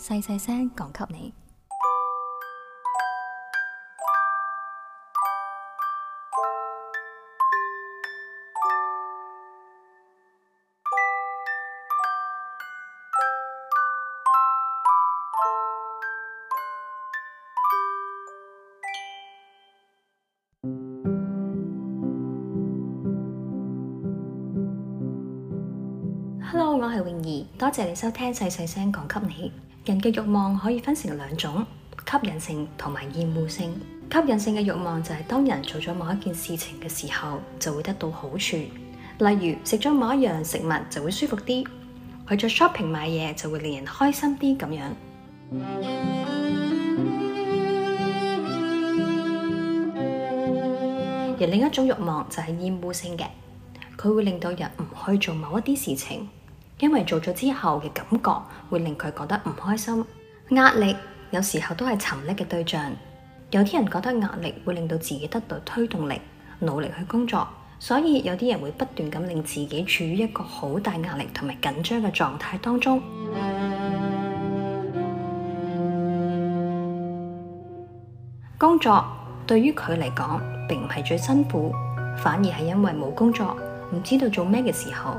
細細聲講給你。Hello，我係泳兒，多謝你收聽細細聲講給你。人嘅慾望可以分成兩種，吸引性同埋厭惡性。吸引性嘅慾望就係當人做咗某一件事情嘅時候，就會得到好處。例如食咗某一樣食物就會舒服啲，去咗 shopping 買嘢就會令人開心啲咁樣。而另一種慾望就係厭惡性嘅，佢會令到人唔去做某一啲事情。因為做咗之後嘅感覺會令佢覺得唔開心，壓力有時候都係沉溺嘅對象。有啲人覺得壓力會令到自己得到推動力，努力去工作。所以有啲人會不斷咁令自己處於一個好大壓力同埋緊張嘅狀態當中。工作對於佢嚟講，並唔係最辛苦，反而係因為冇工作，唔知道做咩嘅時候。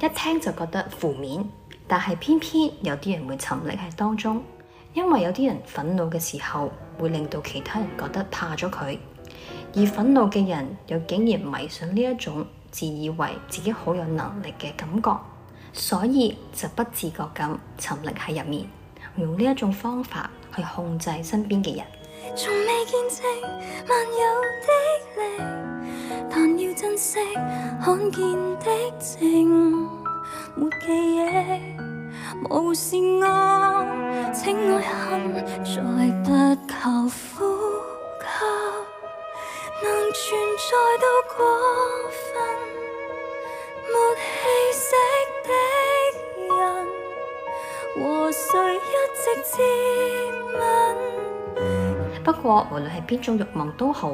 一聽就覺得負面，但係偏偏有啲人會沉溺喺當中，因為有啲人憤怒嘅時候會令到其他人覺得怕咗佢，而憤怒嘅人又竟然迷上呢一種自以為自己好有能力嘅感覺，所以就不自覺咁沉溺喺入面，用呢一種方法去控制身邊嘅人。珍惜，看見的沒記憶無事我情愛恨，再不求呼吸，能存在都過分，沒氣息的人，和誰一直接吻。不過，無論係邊種欲望都好。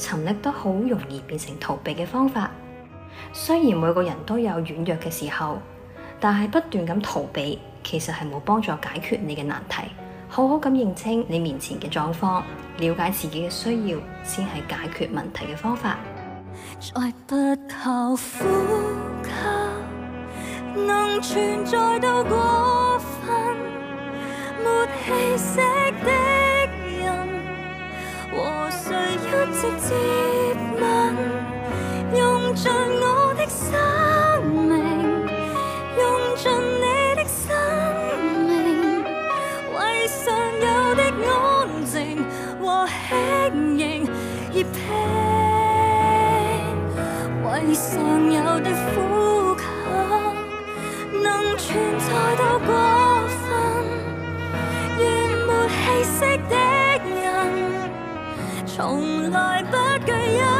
沉溺都好容易變成逃避嘅方法，雖然每個人都有軟弱嘅時候，但係不斷咁逃避，其實係冇幫助解決你嘅難題。好好咁認清你面前嘅狀況，了解自己嘅需要，先係解決問題嘅方法。 用盡我的生命，用盡你的生命，為常有的安靜和輕盈而拼，為常有的呼吸能存在都過分，願沒氣息的人，從來不懼一。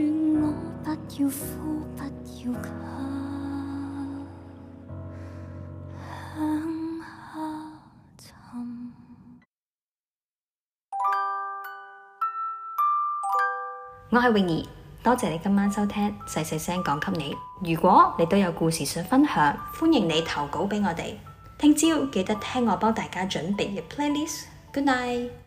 我係泳兒，多謝你今晚收聽，細細聲講給你。如果你都有故事想分享，歡迎你投稿俾我哋。聽朝記得聽我幫大家準備嘅 playlist。Good night。